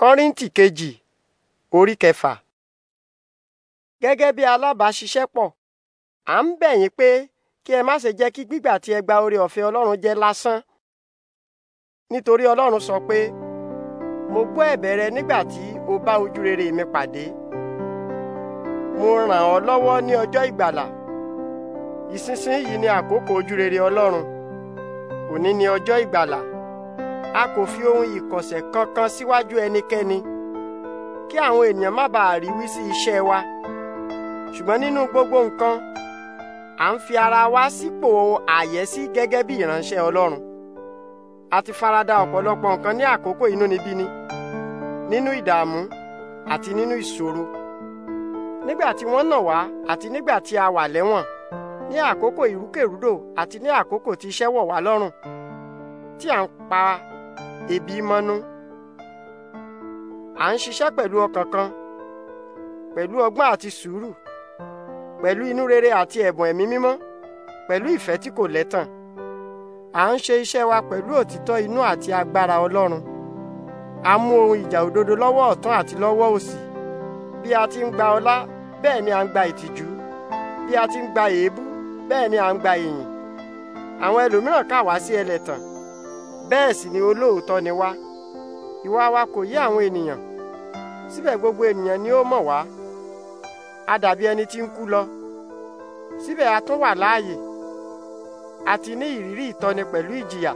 kọ́ríntì kejì orí kẹfà. gẹ́gẹ́ bí alábàáṣiṣẹ́pọ̀ à ń bẹ̀ yín pé kí ẹ má ṣe jẹ́ kí gbígbà tí ẹ gba oore ọ̀fẹ́ ọlọ́run jẹ́ lásán nítorí ọlọ́run sọ pé mo gbọ́ ẹ̀bẹ̀ rẹ nígbà tí o bá ojú rere mi pàdé mo ràn ọ́ lọ́wọ́ ní ọjọ́ ìgbàlà ìsinsìnyí ni àkókò ojú rere ọlọ́run òní ni ọjọ́ ìgbàlà. a kò fi ohun ìkọ̀sẹ̀ kankan síwájú ẹnikẹ́ni kí àwọn ènìyàn má bàa rí wí sí iṣẹ́ wa ṣùgbọ́n nínú gbogbo nǹkan à ń fi ara wa sípò àyẹ́sí gẹ́gẹ́ bí ìránṣẹ́ Ọlọ́run a ti farada ọ̀pọ̀lọpọ̀ nǹkan ní àkókò inúnibíni nínú ìdààmú àti nínú ìṣòro nígbà tí wọ́n nà wá àti nígbà tí a wà lẹ́wọ̀n ní àkókò ìrúkèrúdò àti ní àkókò tí iṣẹ́ wọ̀ wá lọ́rùn tí à ń pa ebi mọ́nú à ń ṣiṣẹ́ pẹ̀lú ọkàn kan pẹ̀lú ọgbọ́n àti sùúrù pẹ̀lú inú rere àti ẹ̀bùn ẹ̀mí mímọ́ pẹ̀lú ìfẹ́ tí kò lẹ́tàn à ń ṣe iṣẹ́ wa pẹ̀lú òtítọ́ inú àti agbára Ọlọ́run a mú ohun ìjà òdodo lọ́wọ́ ọ̀tún àti lọ́wọ́ òsì bí a ti ń gba ọlá bẹ́ẹ̀ ni à ń gba ìtìjú bí a ti ń gba èébú bẹ́ẹ̀ ni à ń gba ìyìn àwọn ẹlòmíràn kà wá sí ẹlẹ́tàn bẹ́ẹ̀ sì ni olóòótọ́ ni wá ìwà wa kò yé àwọn ènìyàn síbẹ̀ gbogbo ènìyàn ni ó mọ̀ wá a dàbí ẹni tí ń kú lọ síbẹ̀ a tún wà láàyè a ti ní ìrírí ìtọ́ni pẹ̀lú ìjìyà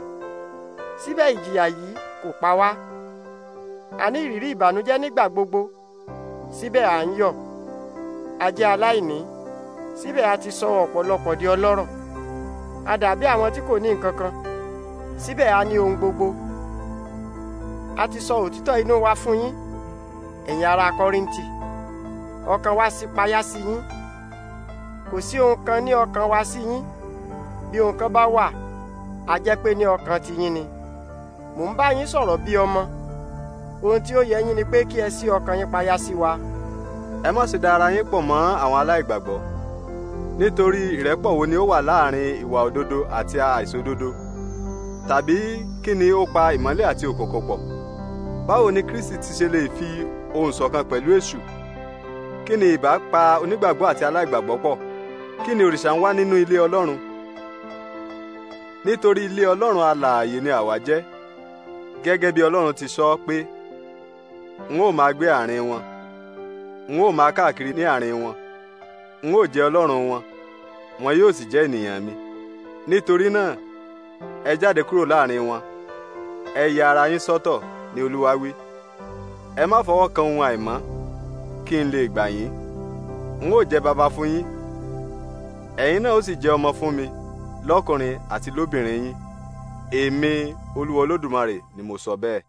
síbẹ̀ ìjìyà yìí kò pa wá a ní ìrírí ìbànújẹ́ nígbà gbogbo síbẹ̀ à ń yọ̀ a jẹ́ aláìní síbẹ̀ a ti sọ ọ̀pọ̀lọpọ̀ di ọlọ́rọ̀ a dàbí àwọn tí kò ní nǹkan kan síbẹ̀ a ní ohun gbogbo a ti sọ òtítọ́ inú wa fún yín ẹ̀yin ará Kọ́ríńtì ọkàn wa sì payá sí yín kò sí ohun kan ní ọkàn wa sí yín bí ohun kan bá wà a jẹ́ pé ní ọkàn tiyín ni mò ń bá yín sọ̀rọ̀ bí ọmọ ohun tí ó yẹ yín ni pé kí ẹ sí ọkàn yín payá sí wa. ẹ má ṣe da ara yín pọ̀ mọ́ àwọn aláìgbàgbọ́ nítorí ìrẹ́pọ̀ wo ni ó wà láàrin ìwà òdodo àti àìṣòdodo tàbí kí ni ó pa ìmọ́lẹ̀ àti òkùnkùn pọ̀ báwo ni Kristi ti ṣe lè fi ohùn ṣọ̀kan pẹ̀lú èṣù kí ni ìbá pa onígbàgbọ́ àti aláìgbàgbọ́ pọ̀ kí ni òrìṣà ń wá nínú ilé Ọlọ́run nítorí ilé Ọlọ́run alààyè ni àwa jẹ́ gẹ́gẹ́ bí Ọlọ́run ti sọ pé n ó máa gbé àárín wọn n ó máa káàkiri ní àárín wọn n ó jẹ́ Ọlọ́run wọn wọn yóò sì jẹ́ ènìyàn mi nítorí náà ẹ jáde kúrò láàrin wọn ẹ ya ara yín sọ́tọ̀ ni olúwa wí ẹ má fọwọ́ kan ohun àìmọ́ kí n lè gbà yín n ó jẹ́ baba fún yín ẹ̀yin náà ó sì jẹ́ ọmọ fún mi lọ́kùnrin àti lóbìnrin yín èmi olúwa olódùmarè ni mo sọ bẹ́ẹ̀.